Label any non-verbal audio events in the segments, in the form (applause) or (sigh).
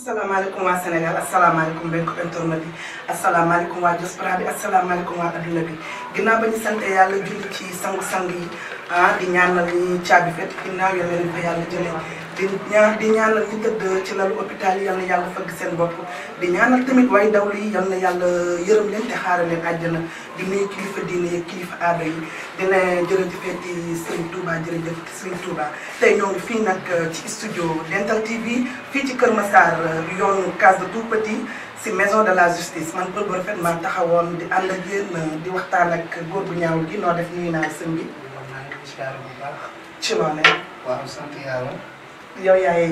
asalaamaaleykum waa Sénégal asalaamaaleykum mbéy ko internet bi asalaamaaleykum waa diaspora bi asalaamaaleykum waa adduna bi ginnaaw ba ñu sant yàlla julli ci sangu-sang yi ah di ñaanal ñi caabi fet ginnaaw yàlla leen fa yàlla jëlee di ñaan di ñaanal ñi tëdd ci lalu hôpital yi yal na yàlla fëgg seen bopp di ñaanal tamit waaye daw li yal yàlla yërëm leen te xaaral leen di nuyu kilifa diine yeeg kilifa aada yi dina jërëjëfati Serigne Touba jërëjëfati Serigne Touba tey ñoo ngi fii nag euh, ci studio Dental TV fii ci Kër Massar euh, yoon case de tout petit si maison de la justice man bërëb rafet maa taxawoon di ànd ak yéen euh, di waxtaan ak góor bu ñaaw gi noo def nuyu naa sëñ ci loolu yow yaay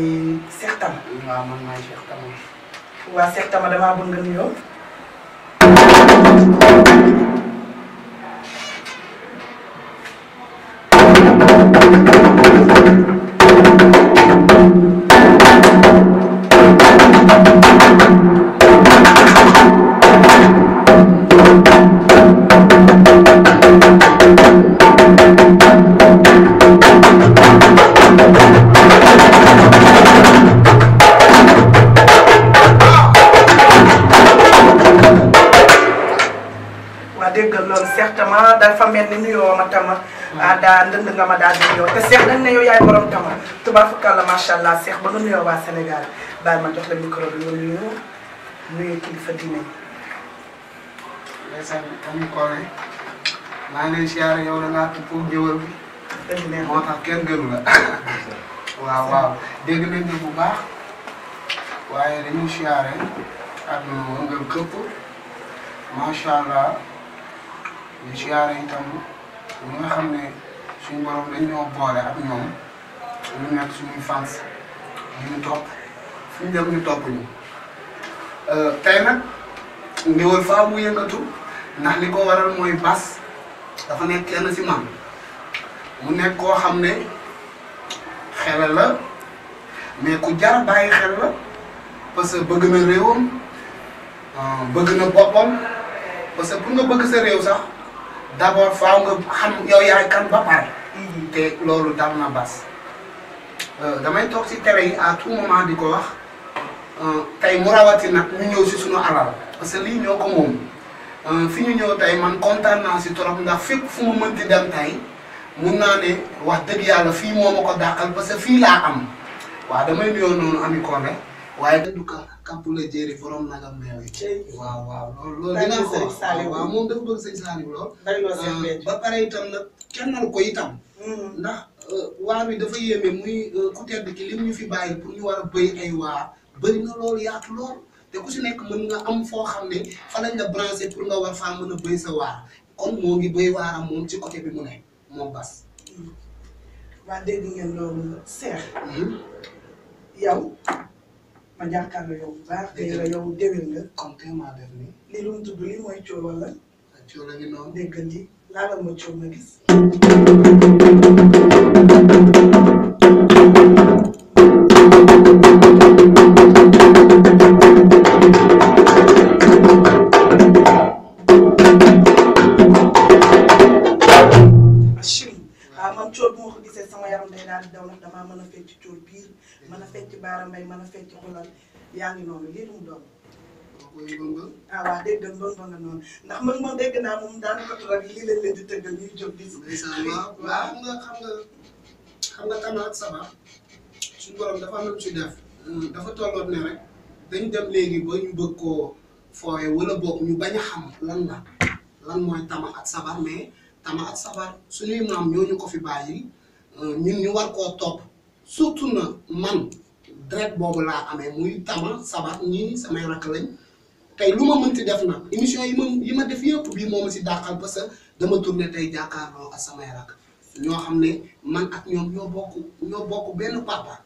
Cheikh Tama. waaw man maay Cheikh Tama. waa Cheikh Tama damaa bëgg nga nuyoo. thank you déggal loolu seex tama dafa mel ni nuyoo ma tama mm. ah, daa ndënd ma daal nuyoo te seex dañ ne yow yaay borom tama tubaarkalla macha allah seex ba nga nuyoo waa Sénégal bàyyi ma jox la micro bi nga nuyu nuyu kilifa diine yi. ndeysaan tamit koore maa ngi lay siyaare yow da ngaa tudd jëwal bi. moo tax kenn gënu la. (laughs) waaw waaw dégg nañ ne bu baax waaye dañuy siyaare àdduna wëngal këpp macha allah. di siyaare itam nga xam ne suñu borom dañ ñoo boole ak ñoom ñu nekk suñuy fans ñu topp fu ñu dem ñu topp ñu. Euh, tey nag Ngéweul faa mu yëngatu ndax li ko waral mooy Bass dafa nekk kenn si man mu nekk koo xam ne xelal la mais ku jar bàyyi xel la parce que bëgg na réewam euh, bëgg na boppam parce que pour nga bëgg sa réew sax. d'abord faaw nga e xam yow yaay kan ba pare. te loolu dal na bas. E, damay toog si tere yi à tout moment di ko wax tey mu rawati nag ñu ñëw si suñu alal parce que lii ñoo ko moom fi ñu ñëw tey man kontaan naa si trop ndax fépp fu ma di e, dem tey mun naa ne wax dëgg yàlla fii moo ma ko dàqal parce que fii laa am waaw damay nuyoo noonu ami Kole waaye dëgg kapulejeere borom nagam meew yi waaw waaw loolu não dina ko waaw moom que você sëñ Saaliw lool ba pare itam não o ko itam ndax waar wi dafa yéeme muy ku tedd ki lim ñu fi bàyyi pour ñu war a bëy ay waa bëri na loolu yaatu lool te ku si nekk mën nga am foo xam ne fa lañ la branché pour nga war faa mën a bëy sa waar kon moo ngi bëy waaram moom ci côté bi mu ne moom bas mm-hmm. waa dégg ngeen loolu seex hmm? yow ma jàkkaarloo yow bu baax. dégg la yow déwén nga. kon tey maa def nii. lii lu mu tudd lii mooy a ngi nga lii laalal ma cóol ma gis. mën a fecc cóol piir man a fecc baara mbay a fecc xolal yaa ngi noonu lii lu mu doon ah waaw dégg nga mbëng noonu ndax mbëng mbëng dégg naa moom daanaka rab yi lii lañ am lu ci hmm, dafa tolloon ne rek dañ dem léegi ba ñu bëgg koo fooye wala boog ñu bañ a xam lan la lan mooy tama ak sabar mais tama ak sabar suñuy maam ñoo ñu ko fi bàyyi hmm, ñun ñu war koo topp surtout na man direct bobu la amé muy tama sabat ñi sama rak lañ tay luma mën mënti def na émission yi ma yi ma def yépp bi moo ci si dàqal parce que dama tourner tay jakarlo ak sama rak ño xamné man ak ñom ño bokku ño bokku benn papa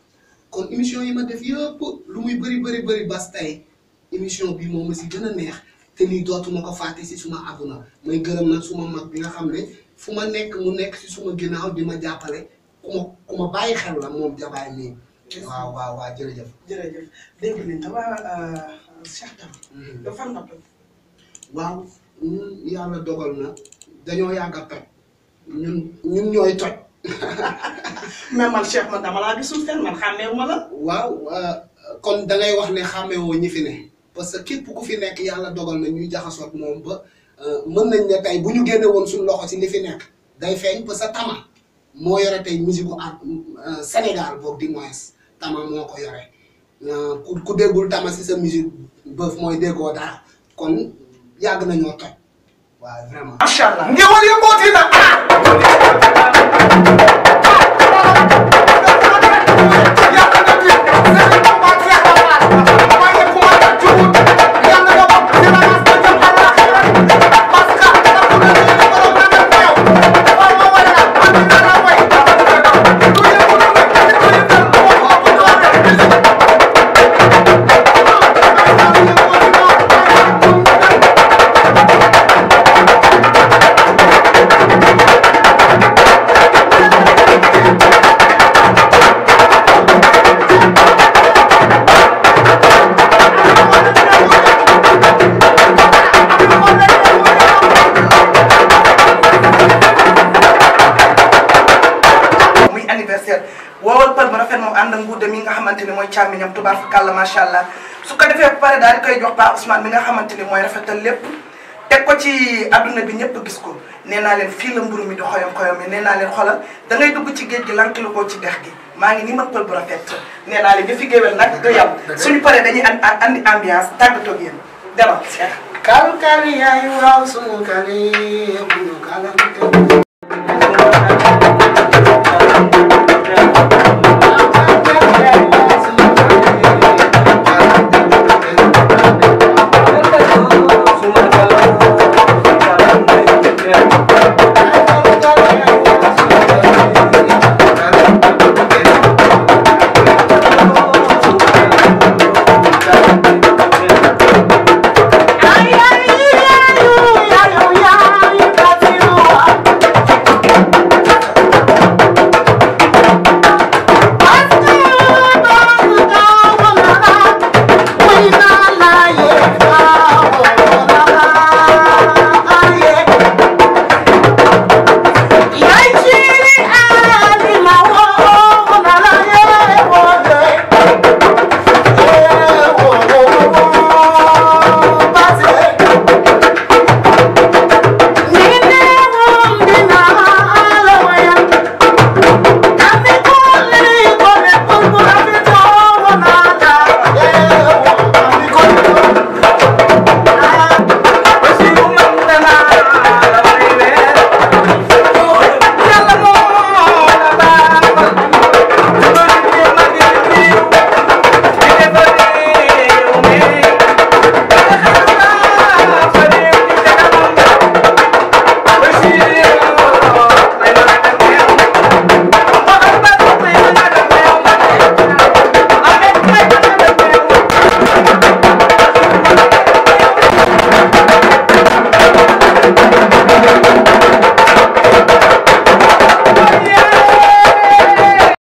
kon émission yi ma def yépp lu muy bari bari bari bas tay émission bi moo ci gëna neex té ni dootuma ko si suma aduna may gërëm suma mag bi nga xamné nek nek mu nek si suma ginaaw di ma ku ma ku bàyyi xel la moom jabaay nii waaw waaw waaw jërëjëf jërëjëf dégg nañ dama Cheikh mm-hmm. dafa fan waaw ñun yàlla dogal na dañoo yàgg a ñun ñun ñooy toj (laughs) mais man Cheikh man dama laa gisul fenn man xàmmeewu ma la waaw euh, kon dalay wax ne xàmmeewoo ñi fi ne parce que képp ku fi nekk yàlla dogal na ñuy jaxasoot moom ba euh, mën nañ ne tey bu ñu génne woon suñu loxo ci ñi fi nekk day feeñ ba sa tama moo yore tey musique en euh, Sénégal boog di moins tama moo ko yore euh, ku ku déggul tama si sa musique bëf mooy déggoo dara kon yàgg nañoo toj waaw vraiment. macha allah andak ak nguudam yi nga xamanteni moy mooy ñam tubaab fa kàlla macha allah su ko defé ba paré dal koy jox ba Ousmane mi nga xamanteni moy rafetal lepp tek ko ci aduna bi ñepp gis ko neena len fi la mburu mi di xoyam xoyam neena len xolal da ngay dugg ci geej gi lankilu ko ci dex gi ma ngi ni ma pël bu rafet neena len fi yam suñu paré dañuy andi ambiance waaw sunu ko